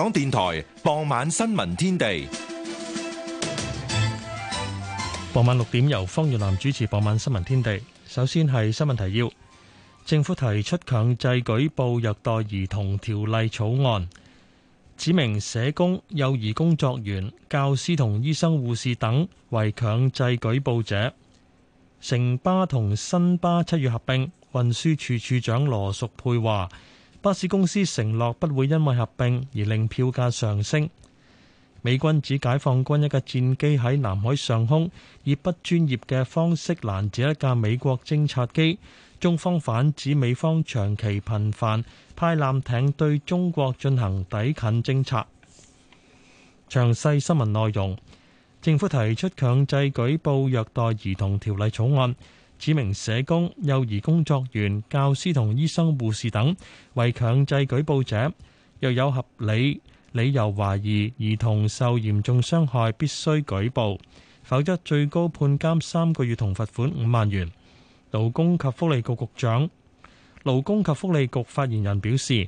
港電台傍晚新聞天地。傍晚六點由方月南主持傍晚新聞天地。首先係新聞提要。政府提出強制舉報虐待兒童條例草案，指明社工、幼兒工作員、教師同醫生、護士等為強制舉報者。城巴同新巴七月合併，運輸處處長羅淑佩話。巴士公司承諾不會因為合併而令票價上升。美軍指解放軍一架戰機喺南海上空以不專業嘅方式攔截一架美國偵察機，中方反指美方長期頻繁派艦艇對中國進行抵近偵察。詳細新聞內容，政府提出強制舉報虐待兒童條例草案。指明社工、幼兒工作員、教師同醫生、護士等為強制舉報者，若有合理理由懷疑兒童受嚴重傷害，必須舉報，否則最高判監三個月同罰款五萬元。勞工及福利局局長、勞工及福利局發言人表示，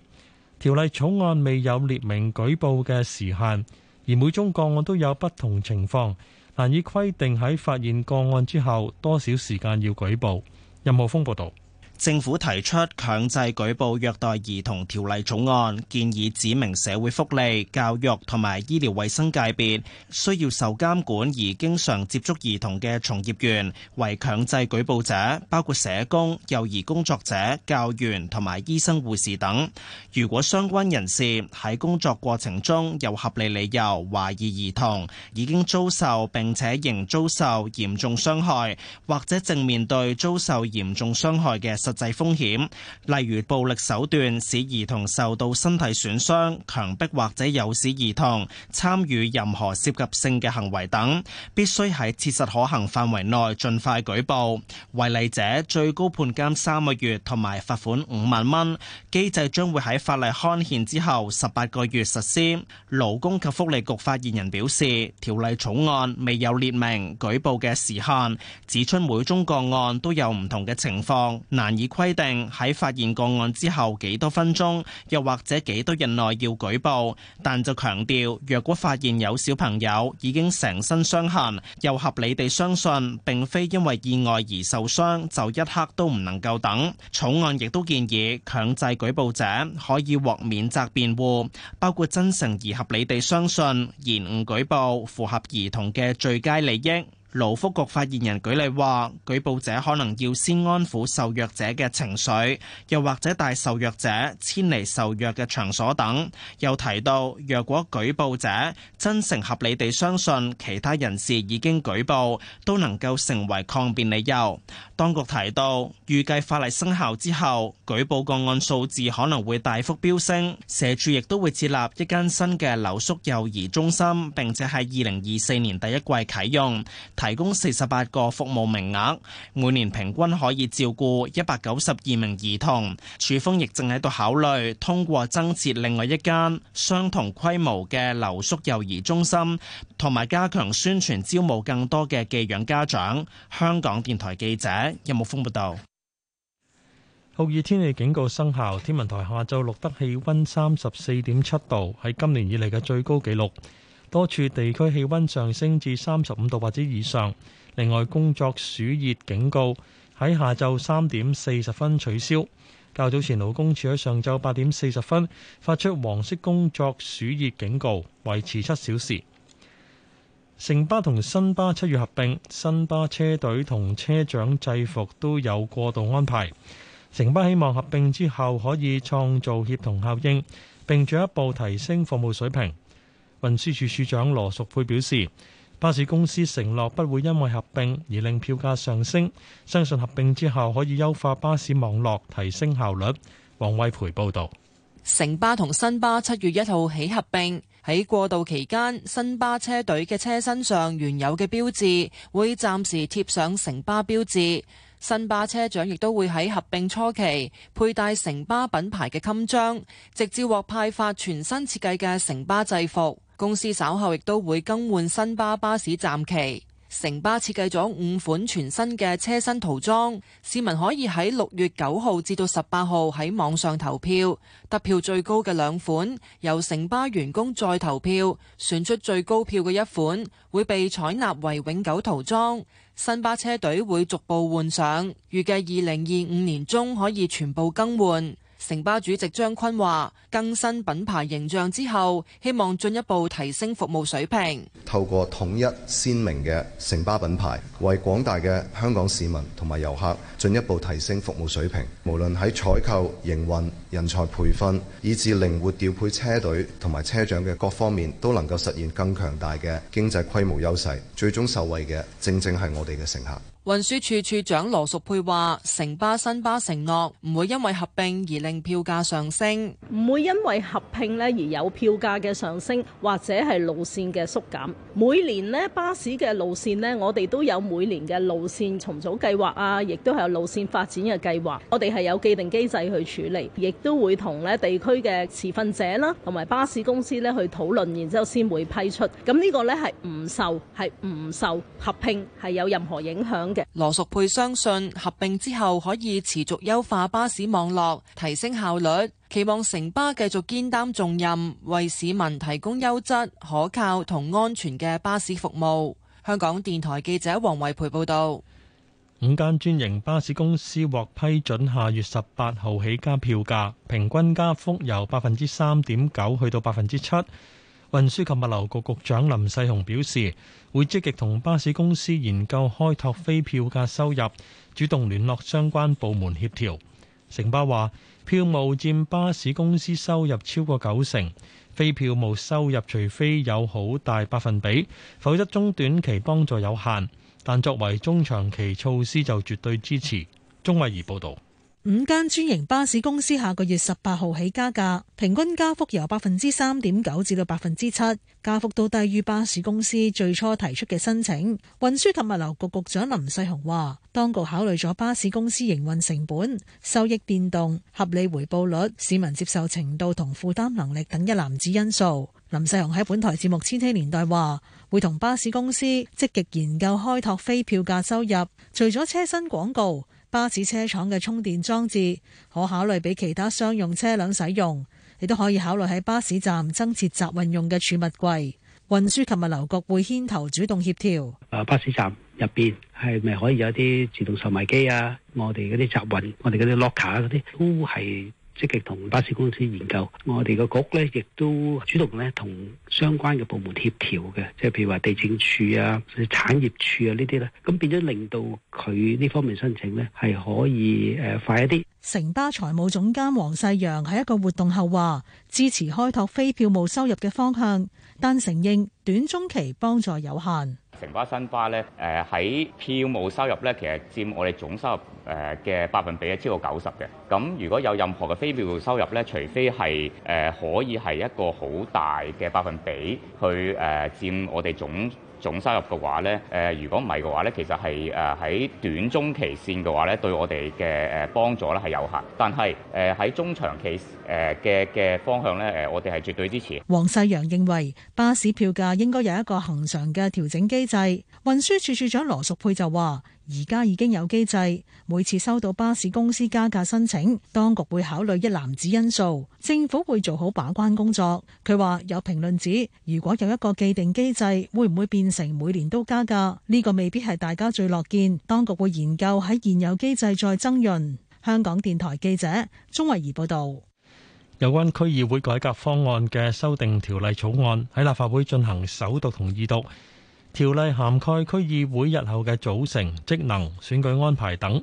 條例草案未有列明舉報嘅時限，而每宗個案都有不同情況。難以規定喺發現個案之後多少時間要舉報。任浩峯報道。政府提出強制舉報虐待兒童條例草案，建議指明社會福利、教育同埋醫療衛生界別需要受監管而經常接觸兒童嘅從業員為強制舉報者，包括社工、幼兒工作者、教員同埋醫生護士等。如果相關人士喺工作過程中有合理理由懷疑兒童已經遭受並且仍遭受嚴重傷害，或者正面對遭受嚴重傷害嘅實制風險，例如暴力手段使兒童受到身體損傷，強迫或者誘使兒童參與任何涉及性嘅行為等，必須喺切實可行範圍內盡快舉報。違例者最高判監三個月同埋罰款五萬蚊。機制將會喺法例刊憲之後十八個月實施。勞工及福利局發言人表示，條例草案未有列明舉報嘅時限，指出每宗個案都有唔同嘅情況，難以。已規定喺發現個案之後幾多分鐘，又或者幾多日內要舉報，但就強調，若果發現有小朋友已經成身傷痕，又合理地相信並非因為意外而受傷，就一刻都唔能夠等。草案亦都建議強制舉報者可以獲免責辯護，包括真誠而合理地相信，延誤舉報符合兒童嘅最佳利益。勞福局發言人舉例話，舉報者可能要先安撫受虐者嘅情緒，又或者帶受虐者遷離受虐嘅場所等。又提到，若果舉報者真誠合理地相信其他人士已經舉報，都能夠成為抗辯理由。當局提到，預計法例生效之後，舉報個案數字可能會大幅飆升。社署亦都會設立一間新嘅留宿幼兒中心，並且喺二零二四年第一季啟用。提供四十八個服務名額，每年平均可以照顧一百九十二名兒童。署方亦正喺度考慮通過增設另外一間相同規模嘅留宿幼兒中心，同埋加強宣傳招募，更多嘅寄養家長。香港電台記者任木峰報道。酷熱天氣警告生效，天文台下晝錄得氣溫三十四點七度，係今年以嚟嘅最高紀錄。多處地區氣溫上升至三十五度或者以上。另外，工作暑熱警告喺下晝三點四十分取消。較早前勞工處喺上晝八點四十分發出黃色工作暑熱警告，維持七小時。城巴同新巴七月合併，新巴車隊同車長制服都有過渡安排。城巴希望合併之後可以創造協同效應，並進一步提升服務水平。運輸署署長羅淑佩表示，巴士公司承諾不會因為合併而令票價上升，相信合併之後可以優化巴士網絡，提升效率。王偉培報導。城巴同新巴七月一號起合併，喺過渡期間，新巴車隊嘅車身上原有嘅標誌會暫時貼上城巴標誌，新巴車長亦都會喺合併初期佩戴城巴品牌嘅襟章，直至獲派發全新設計嘅城巴制服。公司稍後亦都會更換新巴巴士站旗，城巴設計咗五款全新嘅車身塗裝，市民可以喺六月九號至到十八號喺網上投票，得票最高嘅兩款由城巴員工再投票選出最高票嘅一款，會被採納為永久塗裝。新巴車隊會逐步換上，預計二零二五年中可以全部更換。城巴主席張坤話：更新品牌形象之後，希望進一步提升服務水平。透過統一鮮明嘅城巴品牌，為廣大嘅香港市民同埋遊客進一步提升服務水平。無論喺採購、營運、人才培訓，以至靈活調配車隊同埋車長嘅各方面，都能夠實現更強大嘅經濟規模優勢。最終受惠嘅，正正係我哋嘅乘客。運輸署署長羅淑佩話：城巴、新巴承諾唔會因為合併而令票價上升，唔會因為合併呢而有票價嘅上升或者係路綫嘅縮減。每年呢巴士嘅路綫呢，我哋都有每年嘅路綫重組計劃啊，亦都係有路綫發展嘅計劃。我哋係有既定機制去處理，亦都會同呢地區嘅持份者啦，同埋巴士公司呢去討論，然之後先會批出。咁呢個呢係唔受係唔受合併係有任何影響。羅 Okay. 淑佩相信合併之後可以持續優化巴士網絡，提升效率，期望城巴繼續肩擔重任，為市民提供優質、可靠同安全嘅巴士服務。香港電台記者黃惠培報道：五間專營巴士公司獲批准下月十八號起加票價，平均加幅由百分之三點九去到百分之七。運輸及物流局局長林世雄表示，會積極同巴士公司研究開拓非票價收入，主動聯絡相關部門協調。城巴話，票務佔巴士公司收入超過九成，非票務收入除非有好大百分比，否則中短期幫助有限。但作為中長期措施就絕對支持。鍾慧儀報導。五間專營巴士公司下個月十八號起加價，平均加幅由百分之三點九至到百分之七，加幅都低於巴士公司最初提出嘅申請。運輸及物流局局長林世雄話，當局考慮咗巴士公司營運成本、收益變動、合理回報率、市民接受程度同負擔能力等一籃子因素。林世雄喺本台節目《千禧年代》話，會同巴士公司積極研究開拓非票價收入，除咗車身廣告。巴士車廠嘅充電裝置可考慮俾其他商用車輛使用，亦都可以考慮喺巴士站增設集運用嘅儲物櫃。運輸及物流局會牽頭主動協調。巴士站入邊係咪可以有啲自動售賣機啊？我哋嗰啲集運，我哋嗰啲 locker 嗰啲都係。積極同巴士公司研究，我哋個局咧亦都主動咧同相關嘅部門協調嘅，即係譬如話地政署啊、或者產業署啊呢啲啦，咁變咗令到佢呢方面申請咧係可以誒快一啲。城巴財務總監黃世陽喺一個活動後話，支持開拓非票務收入嘅方向，但承認短中期幫助有限。城巴新巴咧，誒喺票務收入咧，其實佔我哋總收入誒嘅百分比係超過九十嘅。咁如果有任何嘅非票務收入咧，除非係誒、呃、可以係一個好大嘅百分比去誒佔、呃、我哋總。總收入嘅話咧，誒如果唔係嘅話咧，其實係誒喺短中期線嘅話咧，對我哋嘅誒幫助咧係有限。但係誒喺中長期誒嘅嘅方向咧，誒我哋係絕對支持。黃世陽認為巴士票價應該有一個恒常嘅調整機制。運輸處處長羅淑佩就話。而家已經有機制，每次收到巴士公司加價申請，當局會考慮一籃子因素，政府會做好把關工作。佢話有評論指，如果有一個既定機制，會唔會變成每年都加價？呢個未必係大家最樂見。當局會研究喺現有機制再增潤。香港電台記者鍾慧儀報道。有關區議會改革方案嘅修訂條例草案喺立法會進行首讀同二讀。條例涵蓋區議會日後嘅組成、職能、選舉安排等。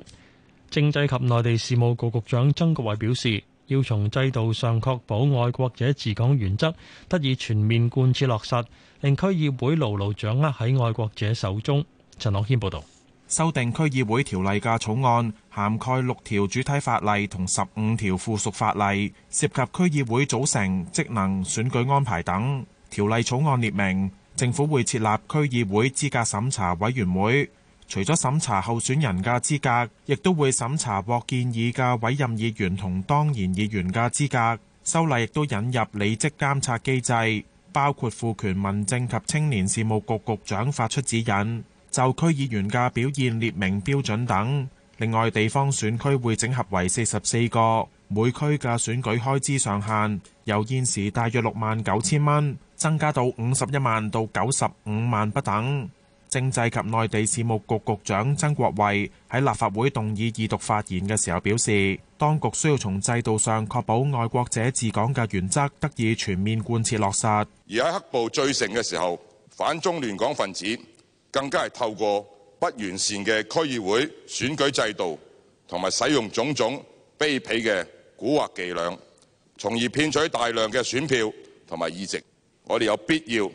政制及內地事務局局長曾國衞表示，要從制度上確保愛國者治港原則得以全面貫徹落實，令區議會牢牢掌握喺愛國者手中。陳樂軒報導。修訂區議會條例嘅草案涵蓋六條主體法例同十五條附屬法例，涉及區議會組成、職能、選舉安排等。條例草案列明。政府會設立區議會資格審查委員會，除咗審查候選人嘅資格，亦都會審查獲建議嘅委任議員同當然議員嘅資格。修例亦都引入履職監察機制，包括賦權民政及青年事務局局長發出指引，就區議員嘅表現列明標準等。另外，地方選區會整合為四十四個，每區嘅選舉開支上限由現時大約六萬九千蚊增加到五十一萬到九十五萬不等。政制及內地事務局局長曾國衛喺立法會動議議讀發言嘅時候表示，當局需要從制度上確保愛國者治港嘅原則得以全面貫徹落實。而喺黑暴最盛嘅時候，反中亂港分子更加係透過不完善嘅區議會選舉制度，同埋使用種種卑鄙嘅蠱惑伎倆，從而騙取大量嘅選票同埋議席。我哋有必要，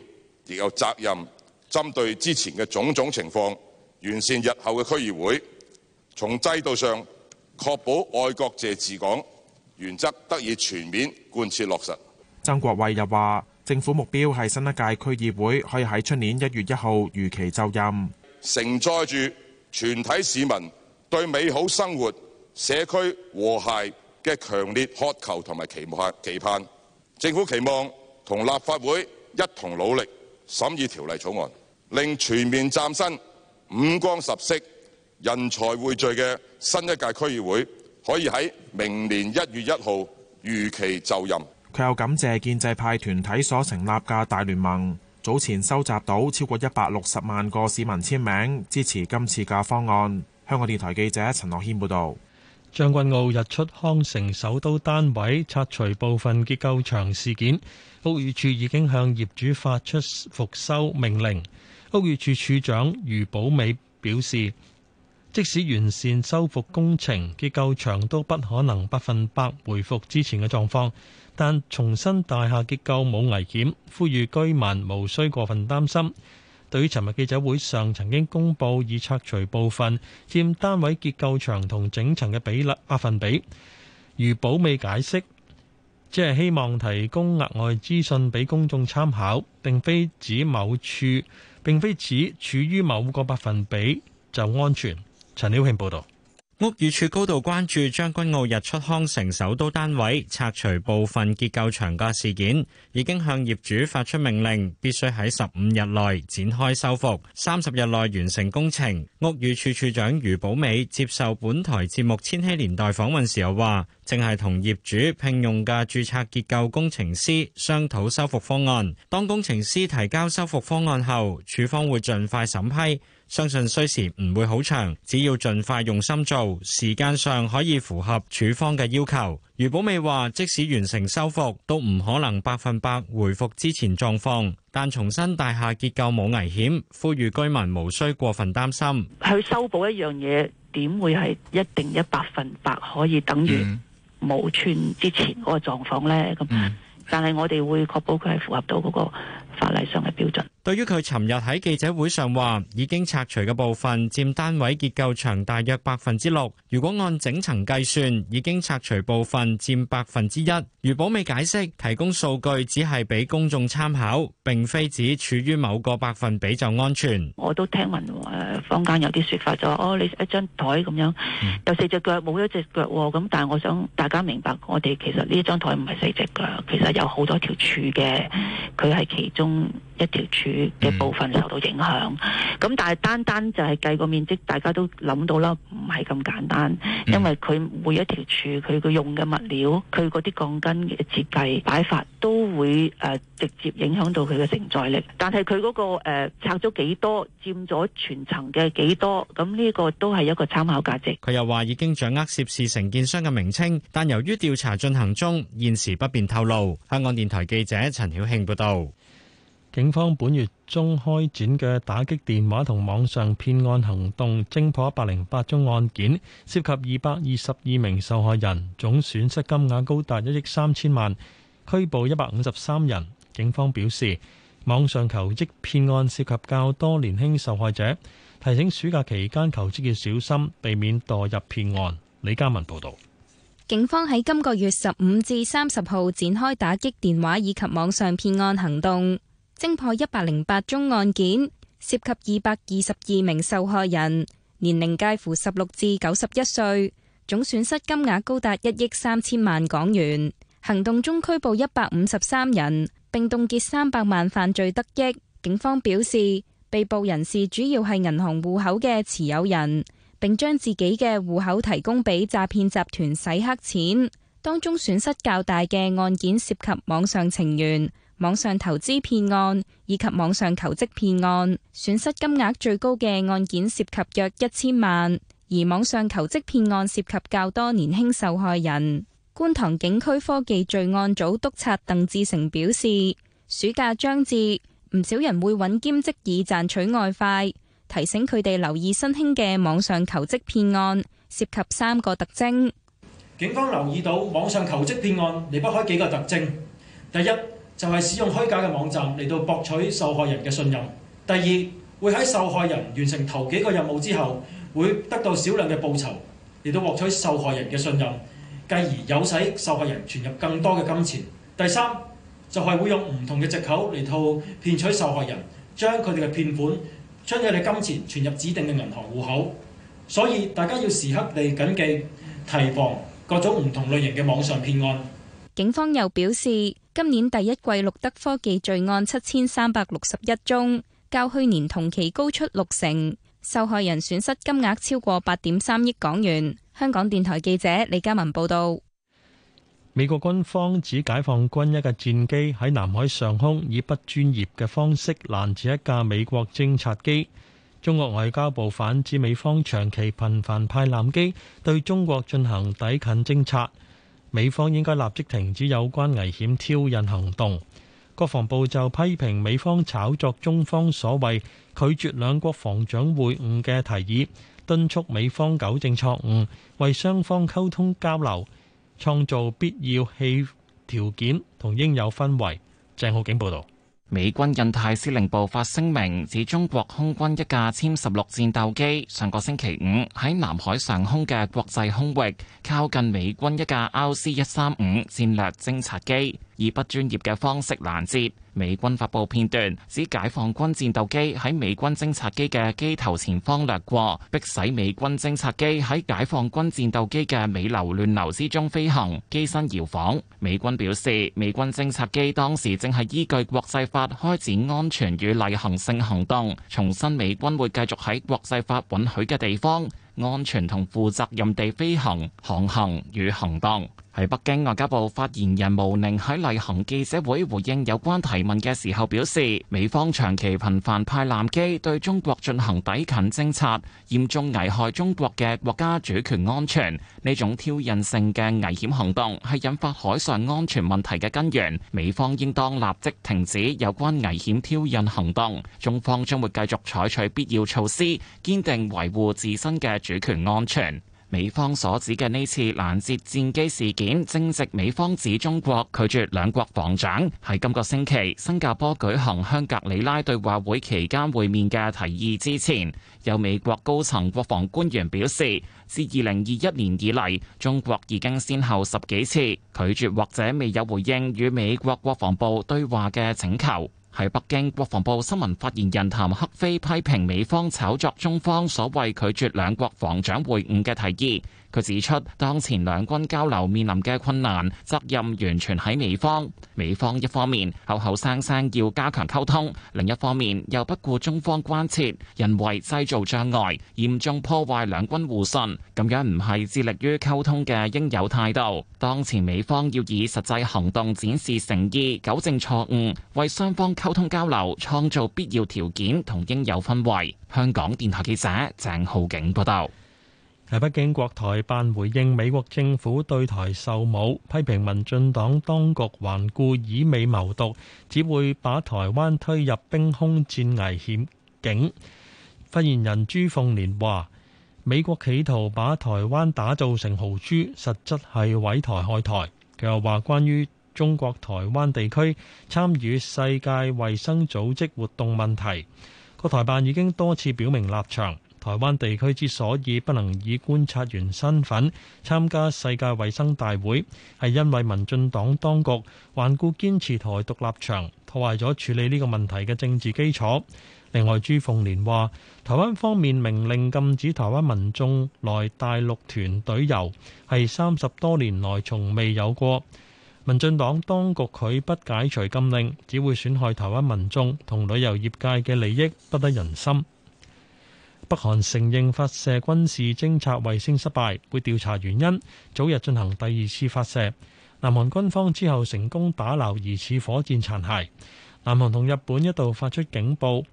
亦有責任針對之前嘅種種情況，完善日後嘅區議會，從制度上確保愛國者治港原則得以全面貫徹落實。曾國衛又話政府目標係新一屆區議會可以喺出年一月一號如期就任，承載住全體市民對美好生活、社區和諧嘅強烈渴求同埋期望期盼，政府期望。同立法會一同努力審議條例草案，令全面嶄新、五光十色、人才匯聚嘅新一屆區議會可以喺明年一月一號如期就任。佢又感謝建制派團體所成立嘅大聯盟，早前收集到超過一百六十萬個市民簽名支持今次嘅方案。香港電台記者陳樂謙報導。將軍澳日出康城首都單位拆除部分結構牆事件，屋宇署已經向業主發出復修命令。屋宇署署長余寶美表示，即使完善修復工程，結構牆都不可能百分百回復之前嘅狀況，但重申大廈結構冇危險，呼籲居民無需過分擔心。對於尋日記者會上曾經公布已拆除部分佔單位結構牆同整層嘅比率百分比，如保美解釋，只係希望提供額外資訊俾公眾參考，並非指某處，並非指處於某個百分比就安全。陳曉慶報導。屋宇署高度關注將軍澳日出康城首都單位拆除部分結構牆架事件，已經向業主發出命令，必須喺十五日內展開修復，三十日內完成工程。屋宇署署長余寶美接受本台節目《千禧年代》訪問時又話，正係同業主聘用嘅註冊結構工程師商討修復方案。當工程師提交修復方案後，署方會盡快審批。相信需時唔會好長，只要盡快用心做，時間上可以符合處方嘅要求。余寶美話，即使完成修復，都唔可能百分百回復之前狀況，但重新大廈結構冇危險，呼籲居民無需過分擔心。去修補一樣嘢，點會係一定一百分百可以等於冇穿之前嗰個狀況咧？咁，但係我哋會確保佢係符合到嗰個。法例上嘅標準對於佢尋日喺記者會上話已經拆除嘅部分占單位結構長大約百分之六，如果按整層計算，已經拆除部分占百分之一。余寶美解釋提供數據只係俾公眾參考，並非指處於某個百分比就安全。我都聽聞誒坊間有啲說法就話哦，你一張台咁樣有四隻腳冇一隻腳、哦，咁但係我想大家明白，我哋其實呢張台唔係四隻腳，其實有好多條柱嘅，佢係其中。一條柱嘅部分受到影響，咁、嗯、但係單單就係計個面積，大家都諗到啦，唔係咁簡單，因為佢每一條柱，佢個用嘅物料，佢嗰啲鋼筋嘅設計擺法，都會誒、呃、直接影響到佢嘅承載力。但係佢嗰個誒、呃、拆咗幾多，佔咗全層嘅幾多，咁、這、呢個都係一個參考價值。佢又話已經掌握涉事承建商嘅名稱，但由於調查進行中，現時不便透露。香港電台記者陳曉慶報道。警方本月中開展嘅打擊電話同網上騙案行動偵破一百零八宗案件，涉及二百二十二名受害人，總損失金額高達一億三千萬，拘捕一百五十三人。警方表示，網上求職騙案涉及較多年輕受害者，提醒暑假期間求職要小心，避免墮入騙案。李嘉文報道。警方喺今個月十五至三十號展開打擊電話以及網上騙案行動。偵破一百零八宗案件，涉及二百二十二名受害人，年齡介乎十六至九十一歲，總損失金額高達一億三千萬港元。行動中拘捕一百五十三人，並凍結三百萬犯罪得益。警方表示，被捕人士主要係銀行戶口嘅持有人，並將自己嘅戶口提供俾詐騙集團洗黑錢。當中損失較大嘅案件涉及網上情緣。網上投資騙案以及網上求職騙案損失金額最高嘅案件涉及約一千萬，而網上求職騙案涉及較多年輕受害人。觀塘警區科技罪案組督察鄧志成表示，暑假將至，唔少人會揾兼職以賺取外快，提醒佢哋留意新興嘅網上求職騙案，涉及三個特徵。警方留意到網上求職騙案離不開幾個特徵，第一。就係使用虛假嘅網站嚟到博取受害人嘅信任。第二，會喺受害人完成頭幾個任務之後，會得到少量嘅報酬嚟到獲取受害人嘅信任，繼而誘使受害人存入更多嘅金錢。第三，就係、是、會用唔同嘅藉口嚟套騙取受害人，將佢哋嘅騙款、將佢哋金錢存入指定嘅銀行戶口。所以大家要時刻嚟緊記提防各種唔同類型嘅網上騙案。警方又表示，今年第一季錄得科技罪案七千三百六十一宗，較去年同期高出六成，受害人損失金額超過八點三億港元。香港電台記者李嘉文報道。美國軍方指解放軍一架戰機喺南海上空以不專業嘅方式攔截一架美國偵察機，中國外交部反指美方長期頻繁派艦機對中國進行抵近偵察。美方應該立即停止有關危險挑釁行動。國防部就批評美方炒作中方所謂拒絕兩國防長會晤嘅提議，敦促美方糾正錯誤，為雙方溝通交流創造必要嘅條件同應有氛圍。鄭浩景報導。美軍印太司令部發聲明指，中國空軍一架殲十六戰鬥機上個星期五喺南海上空嘅國際空域，靠近美軍一架 R C 一三五戰略偵察機，以不專業嘅方式攔截，美軍發布片段指解放軍戰鬥機喺美軍偵察機嘅機頭前方掠過，迫使美軍偵察機喺解放軍戰鬥機嘅尾流亂流之中飛行，機身搖晃。美軍表示，美軍偵察機當時正係依據國際法開展安全與例行性行動，重申美軍會繼續喺國際法允許嘅地方，安全同負責任地飛行、航行與行動。喺北京外交部發言人毛寧喺例行記者會回應有關提問嘅時候表示，美方長期頻繁派艦機對中國進行抵近偵察，嚴重危害中國嘅國家主權安全。呢種挑釁性嘅危險行動係引發海上安全問題嘅根源，美方應當立即停止有關危險挑釁行動。中方將會繼續採取必要措施，堅定維護自身嘅主權安全。美方所指嘅呢次攔截戰機事件，正值美方指中國拒絕兩國防長喺今個星期新加坡舉行香格里拉對話會期間會面嘅提議之前，有美國高層國防官員表示，自二零二一年以嚟，中國已經先後十幾次拒絕或者未有回應與美國國防部對話嘅請求。喺北京，國防部新聞發言人譚克非批評美方炒作中方所謂拒絕兩國防長會晤嘅提議。佢指出，當前兩軍交流面臨嘅困難，責任完全喺美方。美方一方面口口聲聲要加強溝通，另一方面又不顧中方關切，人為製造障礙，嚴重破壞兩軍互信。咁樣唔係致力於溝通嘅應有態度。當前美方要以實際行動展示誠意，糾正錯誤，為雙方溝通交流創造必要條件同應有氛圍。香港電台記者鄭浩景報道。喺北京，國台辦回應美國政府對台售武，批評民進黨當局頑固以美謀獨，只會把台灣推入兵空戰危險境。發言人朱鳳蓮話：美國企圖把台灣打造成豪豬，實質係毀台害台。佢又話：關於中國台灣地區參與世界衛生組織活動問題，國台辦已經多次表明立場。台灣地區之所以不能以觀察員身份參加世界衛生大會，係因為民進黨當局頑固堅持台獨立場，破壞咗處理呢個問題嘅政治基礎。另外，朱鳳蓮話台灣方面明令禁止台灣民眾來大陸團隊遊，係三十多年來從未有過。民進黨當局拒不解除禁令，只會損害台灣民眾同旅遊業界嘅利益，不得人心。北韓承認發射軍事偵察衛星失敗，會調查原因，早日進行第二次發射。南韓軍方之後成功打撈疑似火箭殘骸。南韓同日本一度發出警報，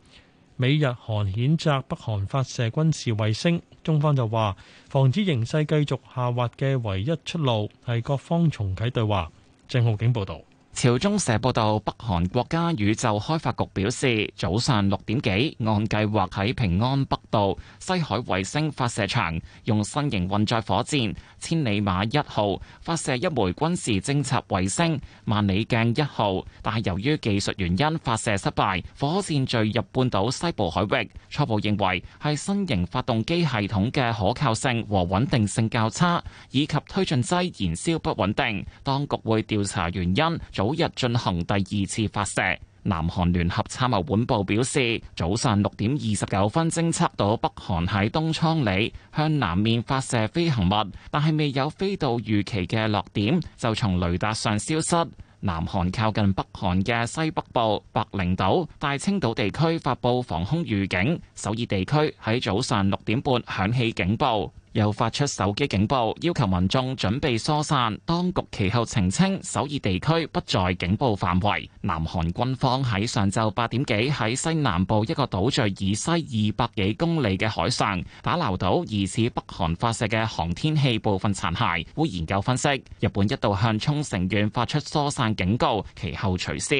美日韓譴責北韓發射軍事衛星。中方就話，防止形勢繼續下滑嘅唯一出路係各方重啟對話。鄭浩景報導。朝中社報道，北韓國家宇宙開發局表示，早上六點幾，按計劃喺平安北道西海衛星發射場用新型運載火箭千里馬一號發射一枚軍事偵察衛星萬里鏡一號，但係由於技術原因發射失敗，火箭墜入半島西部海域。初步認為係新型發動機系統嘅可靠性和穩定性較差，以及推進劑燃燒不穩定。當局會調查原因。早日進行第二次發射。南韓聯合參謀本部表示，早上六點二十九分偵測到北韓喺東倉里向南面發射飛行物，但係未有飛到預期嘅落點，就從雷達上消失。南韓靠近北韓嘅西北部白翎島、大清島地區發佈防空預警，首爾地區喺早上六點半響起警報。又發出手機警報，要求民眾準備疏散。當局其後澄清，首爾地區不在警報範圍。南韓軍方喺上晝八點幾喺西南部一個島嶼以西二百幾公里嘅海上打撈到疑似北韓發射嘅航天器部分殘骸，會研究分析。日本一度向沖繩縣發出疏散警告，其後取消。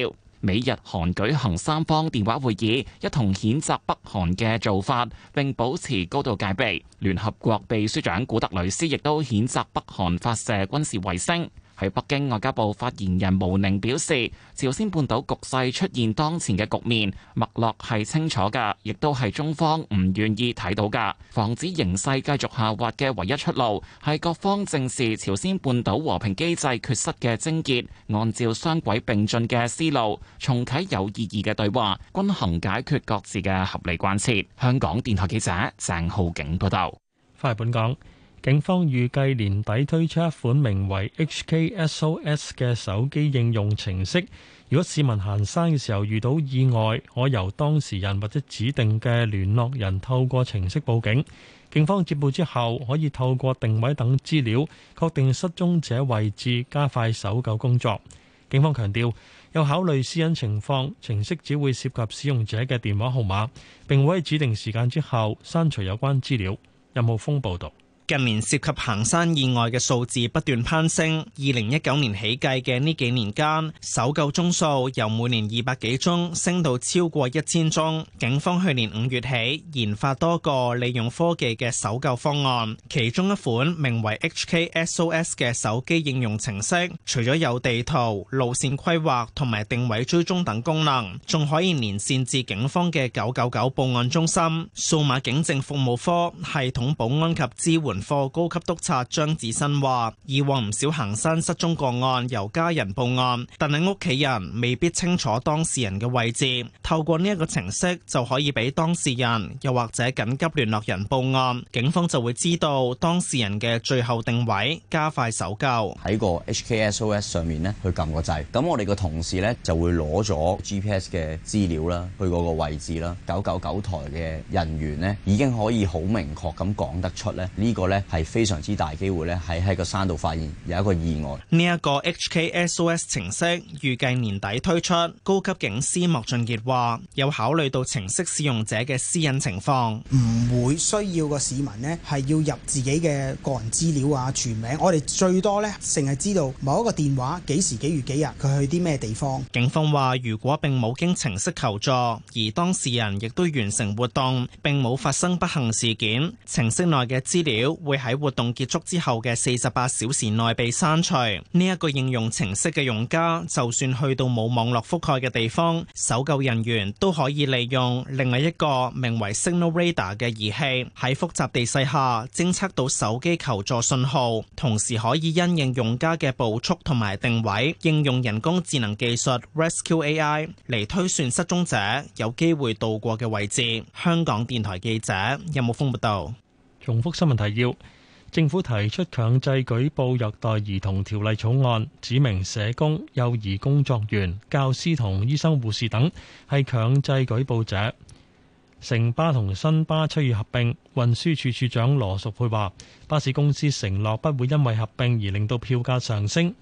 美日韓舉行三方電話會議，一同譴責北韓嘅做法，並保持高度戒備。聯合國秘書長古特雷斯亦都譴責北韓發射軍事衛星。喺北京外交部發言人毛寧表示，朝鮮半島局勢出現當前嘅局面，脈絡係清楚噶，亦都係中方唔願意睇到噶，防止形勢繼續下滑嘅唯一出路，係各方正視朝鮮半島和平機制缺失嘅症結，按照雙軌並進嘅思路，重啟有意義嘅對話，均衡解決各自嘅合理關切。香港電台記者鄭浩景報道。翻嚟本港。警方預計年底推出一款名為 HKSOS 嘅手機應用程式。如果市民行山嘅時候遇到意外，可由當事人或者指定嘅聯絡人透過程式報警。警方接報之後，可以透過定位等資料確定失蹤者位置，加快搜救工作。警方強調，有考慮私隱情況，程式只會涉及使用者嘅電話號碼，並會喺指定時間之後刪除有關資料。任浩峯報導。近年涉及行山意外嘅數字不斷攀升，二零一九年起計嘅呢幾年間，搜救宗數由每年二百幾宗升到超過一千宗。警方去年五月起研發多個利用科技嘅搜救方案，其中一款名為 HKSOS 嘅手機應用程式，除咗有地圖、路線規劃同埋定位追蹤等功能，仲可以連線至警方嘅九九九報案中心、數碼警政服務科系統保安及支援。貨高級督察張智新話，以往唔少行山失蹤個案由家人報案，但係屋企人未必清楚當事人嘅位置。透過呢一個程式就可以俾當事人又或者緊急聯絡人報案，警方就會知道當事人嘅最後定位，加快搜救。喺個 HKSOS 上面咧，去撳個掣，咁我哋嘅同事咧就會攞咗 GPS 嘅資料啦，去嗰個位置啦。九九九台嘅人員咧已經可以好明確咁講得出咧呢、這個。咧係非常之大機會咧，喺喺個山度發現有一個意外。呢一個 HKSOS 程式預計年底推出。高級警司莫俊傑話：有考慮到程式使用者嘅私隱情況，唔會需要個市民呢係要入自己嘅個人資料啊、全名。我哋最多呢，淨係知道某一個電話幾時幾月幾日佢去啲咩地方。警方話：如果並冇經程式求助，而當事人亦都完成活動，並冇發生不幸事件，程式內嘅資料會喺活動結束之後嘅四十八小時內被刪除。呢一個應用程式嘅用家，就算去到冇網絡覆蓋嘅地方，搜救人員都可以利用另外一個名為 Signal Radar 嘅儀器喺複雜地勢下偵測到手機求助信號，同時可以因應用家嘅步速同埋定位，應用人工智能技術 Rescue AI 嚟推算失蹤者有機會到過嘅位置。香港電台記者任木峰報道。重複新聞提要：政府提出強制舉報虐待兒童條例草案，指明社工、幼兒工作員、教師同醫生護士等係強制舉報者。城巴同新巴出現合併，運輸署署長羅淑佩話：巴士公司承諾不會因為合併而令到票價上升。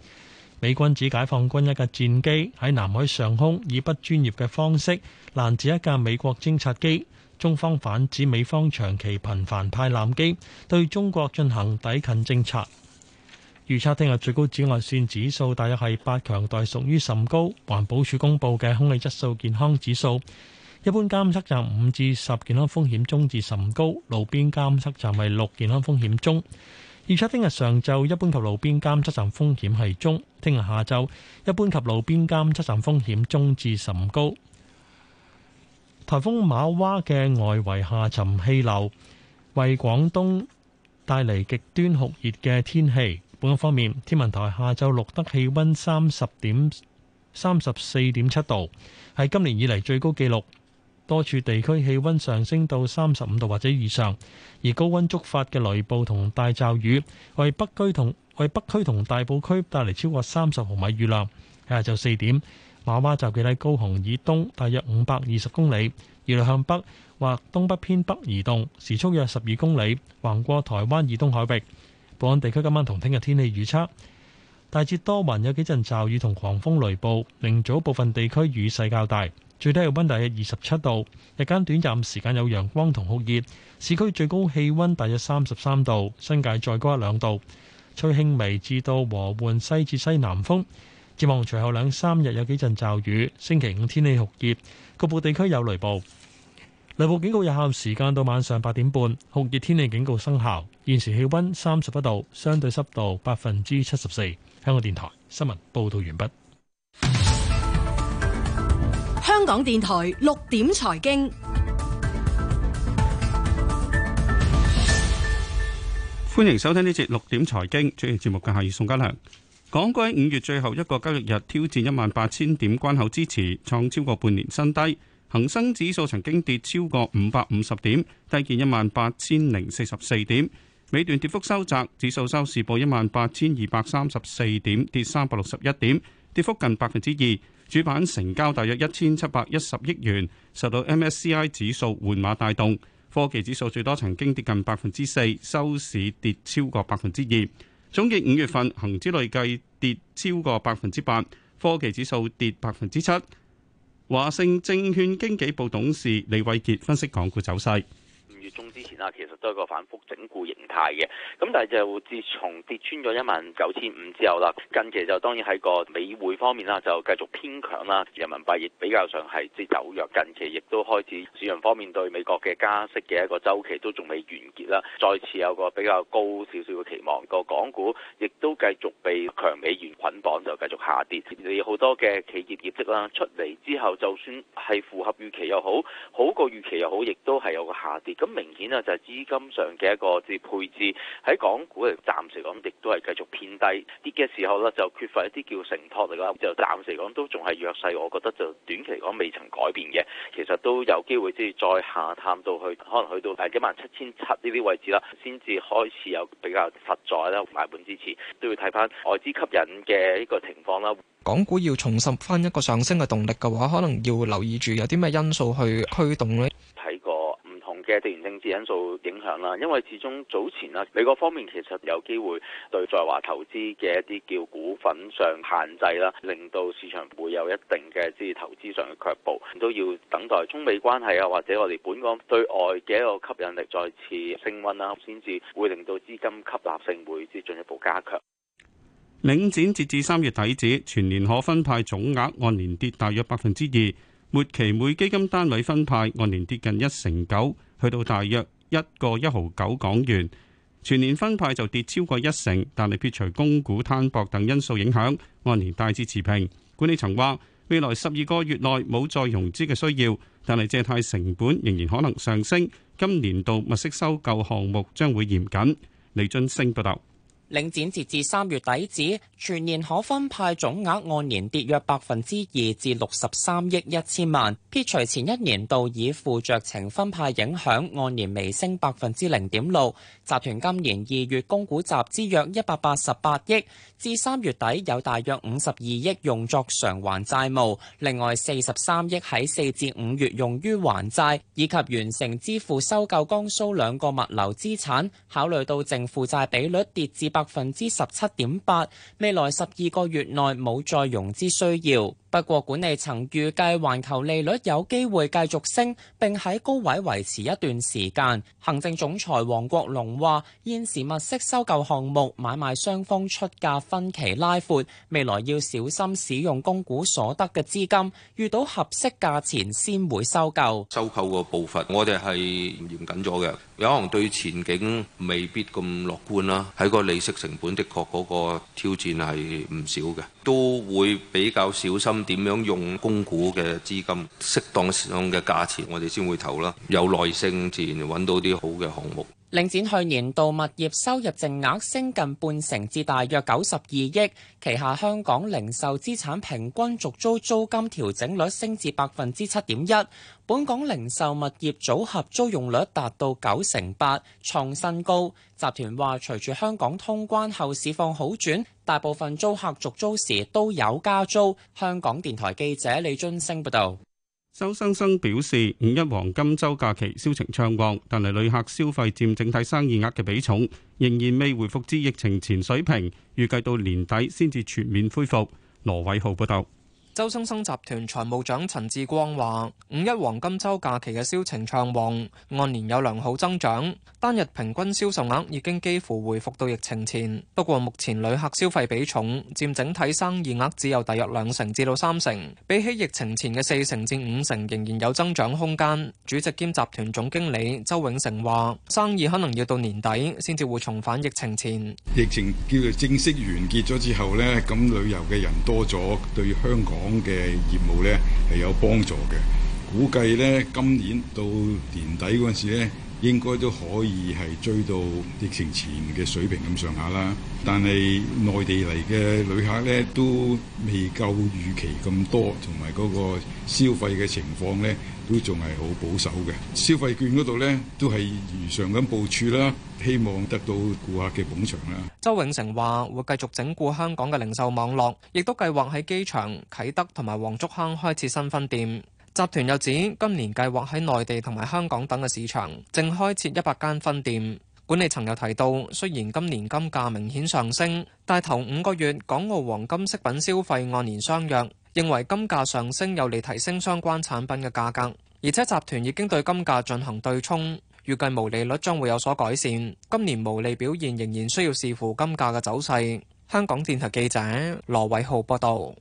美軍指解放軍一架戰機喺南海上空以不專業嘅方式攔截一架美國偵察機。中方反指美方長期頻繁派艦機對中國進行抵近政策。預測聽日最高紫外線指數大約係八強代屬於甚高。環保署公布嘅空氣質素健康指數，一般監測站五至十健康風險中至甚高，路邊監測站係六健康風險中。預測聽日上晝一般及路邊監測站風險係中，聽日下晝一般及路邊監測站風險中至甚高。颱風馬娃嘅外圍下沉氣流為廣東帶嚟極端酷熱嘅天氣。本港方面，天文台下晝錄得氣温三十點三十四點七度，係今年以嚟最高紀錄。多處地區氣温上升到三十五度或者以上，而高温觸發嘅雷暴同大驟雨，為北區同為北區同大埔區帶嚟超過三十毫米雨量。下晝四點。馬巴就集結喺高雄以東，大約五百二十公里，而嚟向北或東北偏北移動，時速約十二公里，橫過台灣以東海域。本港地區今晚同聽日天氣預測，大致多雲，有幾陣驟雨同狂風雷暴，令早部分地區雨勢較大，最低氣温大約二十七度，日間短暫時間有陽光同酷熱，市區最高氣温大約三十三度，新界再高一兩度，吹輕微至到和緩西至西南風。希望隨後兩三日有幾陣驟雨，星期五天氣酷熱，局部地區有雷暴。雷暴警告有效時間到晚上八點半，酷熱天氣警告生效。現時氣溫三十一度，相對濕度百分之七十四。香港電台新聞報道完畢。香港電台六點財經，歡迎收聽呢節六點財經主持節目嘅係宋家良。港股喺五月最後一個交易日，挑戰一萬八千點關口支持，創超過半年新低。恒生指數曾經跌超過五百五十點，低見一萬八千零四十四點。尾段跌幅收窄，指數收市報一萬八千二百三十四點，跌三百六十一點，跌幅近百分之二。主板成交大約一千七百一十億元，受到 MSCI 指數換馬帶動。科技指數最多曾經跌近百分之四，收市跌超過百分之二。總結五月份恒指累計跌超過百分之八，科技指數跌百分之七。華盛證券經紀部董事李慧傑分析港股走勢。之前啦，其實都係個反覆整固形態嘅，咁但係就自從跌穿咗一萬九千五之後啦，近期就當然喺個美匯方面啦，就繼續偏強啦，人民幣亦比較上即係走弱，近期亦都開始市場方面對美國嘅加息嘅一個週期都仲未完結啦，再次有個比較高少少嘅期望，個港股亦都繼續被強美元捆綁，就繼續下跌，你好多嘅企業業績啦出嚟之後就算係符合預期又好，好過預期又好，亦都係有個下跌，咁明。就啦，就資金上嘅一個即配置喺港股嚟，暫時講亦都係繼續偏低跌嘅時候呢，就缺乏一啲叫承托力。噶，就暫時講都仲係弱勢，我覺得就短期嚟講未曾改變嘅，其實都有機會即係再下探到去，可能去到誒一萬七千七呢啲位置啦，先至開始有比較實在咧買盤支持，都要睇翻外資吸引嘅呢個情況啦。港股要重拾翻一個上升嘅動力嘅話，可能要留意住有啲咩因素去驅動呢？睇過。嘅地緣政治因素影響啦，因為始終早前啦，美國方面其實有機會對在華投資嘅一啲叫股份上限制啦，令到市場會有一定嘅即係投資上嘅卻步，都要等待中美關係啊，或者我哋本港對外嘅一個吸引力再次升溫啦，先至會令到資金吸納性會至進一步加強。領展截至三月底止，全年可分派總額按年跌大約百分之二。末期每基金單位分派按年跌近一成九，去到大約一個一毫九港元。全年分派就跌超過一成，但係撇除供股攤薄等因素影響，按年大致持平。管理層話未來十二個月內冇再融資嘅需要，但係借貸成本仍然可能上升。今年度物色收購項目將會嚴謹。李津升報道。領展截至三月底止，全年可分派總額按年跌約百分之二至六十三億一千萬，撇除前一年度以附着情分派影響，按年微升百分之零點六。集團今年二月供股集資約一百八十八億。至三月底有大約五十二億用作償還債務，另外四十三億喺四至五月用於還債以及完成支付收購江蘇兩個物流資產。考慮到淨負債比率跌至百分之十七點八，未來十二個月內冇再融資需要。不過管理層預計環球利率有機會繼續升，並喺高位維持一段時間。行政總裁王國龍話：現時物色收購項目，買賣雙方出價分歧拉闊，未來要小心使用公股所得嘅資金，遇到合適價錢先會收購。收購個步伐我哋係嚴謹咗嘅，有可能對前景未必咁樂觀啦。喺個利息成本的確嗰個挑戰係唔少嘅，都會比較小心。點樣用供股嘅資金，適當時空嘅價錢，我哋先會投啦。有耐性，自然揾到啲好嘅項目。領展去年度物業收入淨額升近半成至大約九十二億，旗下香港零售資產平均續租租金調整率升至百分之七點一，本港零售物業組合租用率達到九成八，創新高。集團話，隨住香港通關後市況好轉，大部分租客續租時都有加租。香港電台記者李津升報道。周生生表示，五一黃金周假期銷情暢旺，但係旅客消費佔整體生意額嘅比重仍然未回復至疫情前水平，預計到年底先至全面恢復。羅偉浩報道。周生生集團財務長陳志光話：五一黃金周假期嘅銷情暢旺，按年有良好增長，單日平均銷售額已經幾乎回復到疫情前。不過目前旅客消費比重佔整體生意額只有大約兩成至到三成，比起疫情前嘅四成至五成，仍然有增長空間。主席兼集團總經理周永成話：生意可能要到年底先至會重返疫情前。疫情叫做正式完結咗之後咧，咁旅遊嘅人多咗，對香港。講嘅業務咧係有幫助嘅，估計咧今年到年底嗰陣時咧。應該都可以係追到疫情前嘅水平咁上下啦，但係內地嚟嘅旅客咧都未夠預期咁多，同埋嗰個消費嘅情況咧都仲係好保守嘅。消費券嗰度咧都係如常咁部署啦，希望得到顧客嘅捧場啦。周永成話會繼續整固香港嘅零售網絡，亦都計劃喺機場、啟德同埋黃竹坑開設新分店。集團又指，今年計劃喺內地同埋香港等嘅市場正開設一百間分店。管理層又提到，雖然今年金價明顯上升，但頭五個月港澳黃金飾品消費按年相若，認為金價上升有利提升相關產品嘅價格，而且集團已經對金價進行對沖，預計毛利率將會有所改善。今年毛利表現仍然需要視乎金價嘅走勢，香港電台記者羅偉浩報道。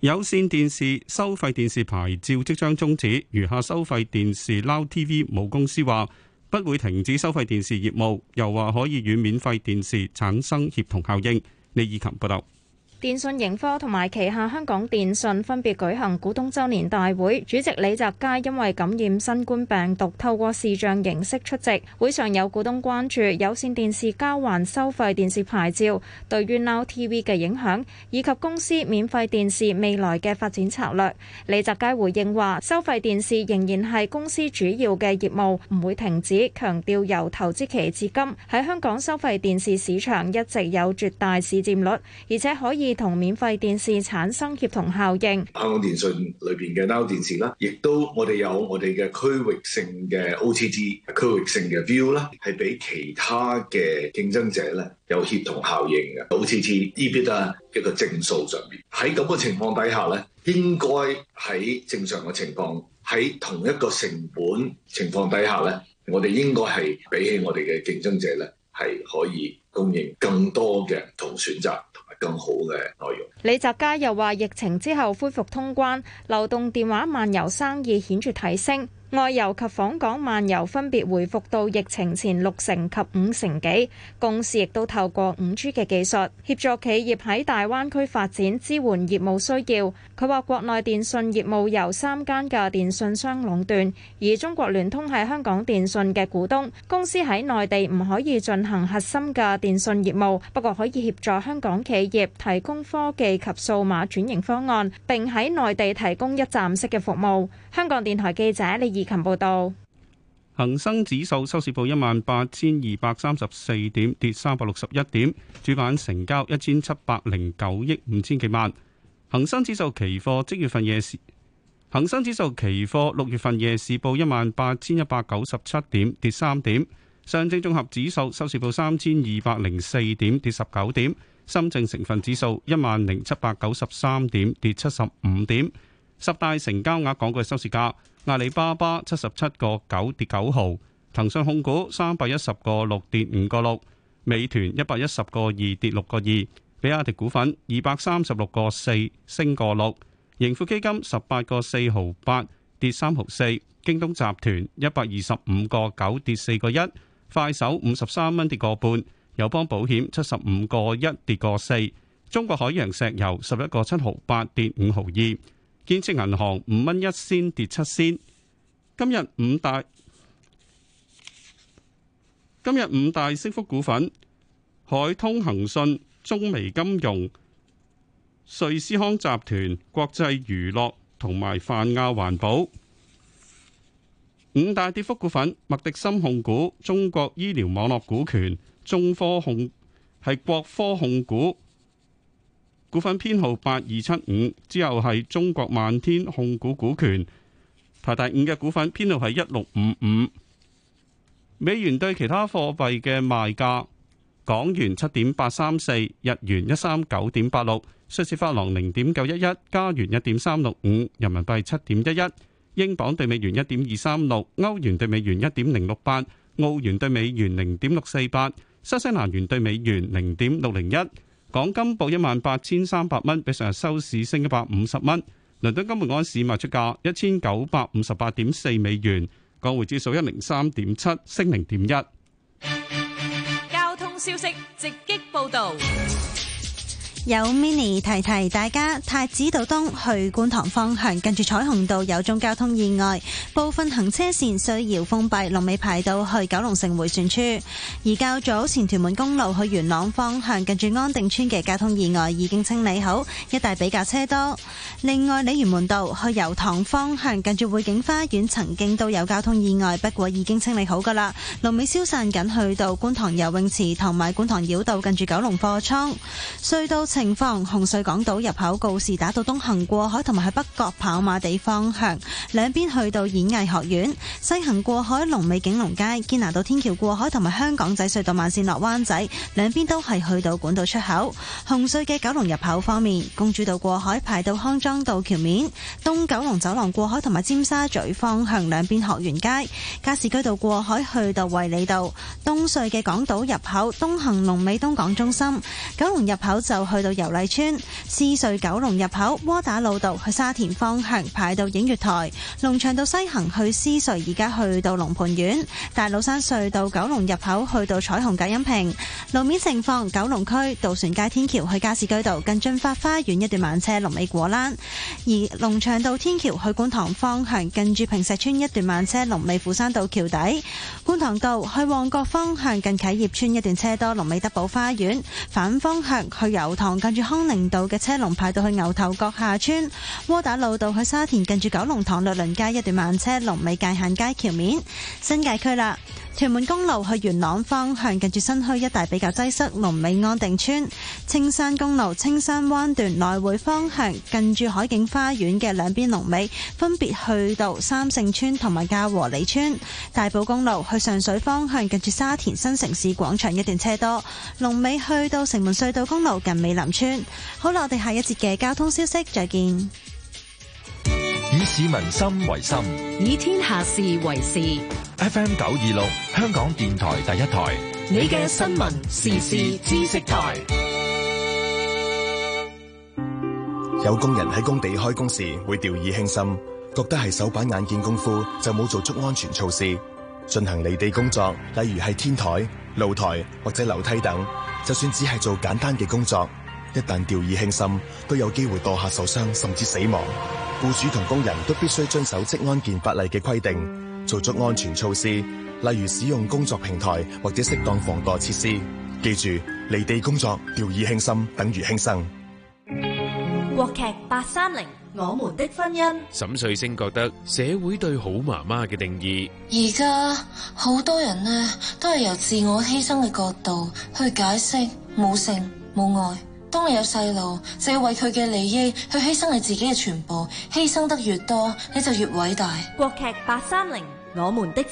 有線電視收費電視牌照即將終止，餘下收費電視撈 TV 母公司話不會停止收費電視業務，又話可以與免費電視產生協同效應。李以琴報道。電訊盈科同埋旗下香港電信分別舉行股東周年大會，主席李澤楷因為感染新冠病毒，透過視像形式出席。會上有股東關注有線電視交還收費電視牌照對 Now TV 嘅影響，以及公司免費電視未來嘅發展策略。李澤楷回應話，收費電視仍然係公司主要嘅業務，唔會停止，強調由投資期至今喺香港收費電視市場一直有絕大市佔率，而且可以。同免費電視產生協同效應，香港電信裏邊嘅 Now 電視啦，亦都我哋有我哋嘅區域性嘅 OTG 區域性嘅 view 啦，係畀其他嘅競爭者咧有協同效應嘅 OTG EBITDA 啊一個正數上面。喺咁嘅情況底下咧，應該喺正常嘅情況，喺同一個成本情況底下咧，我哋應該係比起我哋嘅競爭者咧，係可以供應更多嘅同選擇。更好嘅內容。李澤楷又話疫情之後恢復通關，流動電話漫遊生意顯著提升。外遊及訪港漫遊分別回復到疫情前六成及五成幾，公司亦都透過 5G 嘅技術協助企業喺大灣區發展支援業務需要。佢話：國內電訊業務由三間嘅電訊商壟斷，而中國聯通係香港電訊嘅股東，公司喺內地唔可以進行核心嘅電訊業務，不過可以協助香港企業提供科技及數碼轉型方案，並喺內地提供一站式嘅服務。香港電台記者李葉琴報道，恒生指數收市報一萬八千二百三十四點，跌三百六十一點。主板成交一千七百零九億五千幾萬。恒生指數期貨即月份夜市，恒生指數期貨六月份夜市報一萬八千一百九十七點，跌三點。上證綜合指數收市報三千二百零四點，跌十九點。深證成分指數一萬零七百九十三點，跌七十五點。十大成交額港股嘅收市價。阿里巴巴七十七個九跌九毫，騰訊控股三百一十個六跌五個六，美團一百一十個二跌六個二，比亞迪股份二百三十六個四升個六，盈富基金十八個四毫八跌三毫四，京東集團一百二十五個九跌四個一，快手五十三蚊跌個半，友邦保險七十五個一跌個四，中國海洋石油十一個七毫八跌五毫二。建設銀行五蚊一仙跌七仙，今日五大今日五大升幅股份：海通恒信、中微金融、瑞思康集團、國際娛樂同埋泛亞環保。五大跌幅股份：麥迪森控股、中國醫療網絡股權、中科控係國科控股。股份編號八二七五之後係中國漫天控股股權排第五嘅股份編號係一六五五。美元對其他貨幣嘅賣價：港元七點八三四，日元一三九點八六，瑞士法郎零點九一一，加元一點三六五，人民幣七點一一，英鎊對美元一點二三六，歐元對美元一點零六八，澳元對美元零點六四八，新西蘭元對美元零點六零一。港金報一萬八千三百蚊，比上日收市升一百五十蚊。倫敦金換岸市賣出價一千九百五十八點四美元，港匯指數一零三點七升零點一。交通消息，直擊報道。有 mini 提提大家，太子道東去觀塘方向，近住彩虹道有宗交通意外，部分行車線需要封閉，龍尾排到去九龍城回旋處。而較早前屯門公路去元朗方向，近住安定邨嘅交通意外已經清理好，一帶比較車多。另外，鯉魚門道去油塘方向，近住匯景花園曾經都有交通意外，不過已經清理好噶啦。龍尾消散緊去到觀塘游泳池同埋觀塘繞道近住九龍貨倉隧道。情況，紅隧，港島入口告示打到東行過海，同埋喺北角跑馬地方向兩邊去到演藝學院，西行過海龍尾景隆街堅拿道天橋過海，同埋香港仔隧道慢綫落灣仔兩邊都係去到管道出口。紅隧嘅九龍入口方面，公主道過海排到康莊道橋面，東九龍走廊過海，同埋尖沙咀方向兩邊學園街加士居道過海去到衛理道。東隧嘅港島入口東行龍尾東港中心，九龍入口就去。到油麗邨，獅隧九龍入口窩打老道去沙田方向排到映月台，龍翔道西行去獅隧而家去到龍蟠苑，大老山隧道九龍入口去到彩虹隔音屏，路面情況九龍區渡船街天橋去加士居道近駿發花園一段慢車，龍尾果欄；而龍翔道天橋去觀塘方向近住坪石邨一段慢車，龍尾斧山道橋底，觀塘道去旺角方向近啟業邨一段車多，龍尾德寶花園，反方向去油塘。近住康寧道嘅車龍排到去牛頭角下村，窩打老道去沙田，近住九龍塘律倫街一段慢車，龍尾界限街橋面。新界區啦。屯門公路去元朗方向，近住新墟一帶比較擠塞。龍尾安定村。青山公路青山灣段來回方向，近住海景花園嘅兩邊龍尾，分別去到三聖村同埋嘉和里村。大埔公路去上水方向，近住沙田新城市廣場一段車多。龍尾去到城門隧道公路近美林村。好啦，我哋下一節嘅交通消息再見。以民心為心，以天下事為事。FM 九二六，香港電台第一台，你嘅新聞時事知識台。有工人喺工地開工時會掉以輕心，覺得係手板眼見功夫，就冇做足安全措施，進行離地工作，例如係天台、露台或者樓梯等，就算只係做簡單嘅工作，一旦掉以輕心，都有機會墮下受傷，甚至死亡。僱主同工人都必須遵守職安健法例嘅規定，做足安全措施，例如使用工作平台或者適當防墮設施。記住，離地工作掉以輕心等於輕生。國劇八三零，我們的婚姻。沈瑞星覺得社會對好媽媽嘅定義，而家好多人呢，都係由自我犧牲嘅角度去解釋，冇性冇愛。當你有細路，就要為佢嘅利益去犧牲你自己嘅全部，犧牲得越多，你就越偉大。國劇八三零，我們的。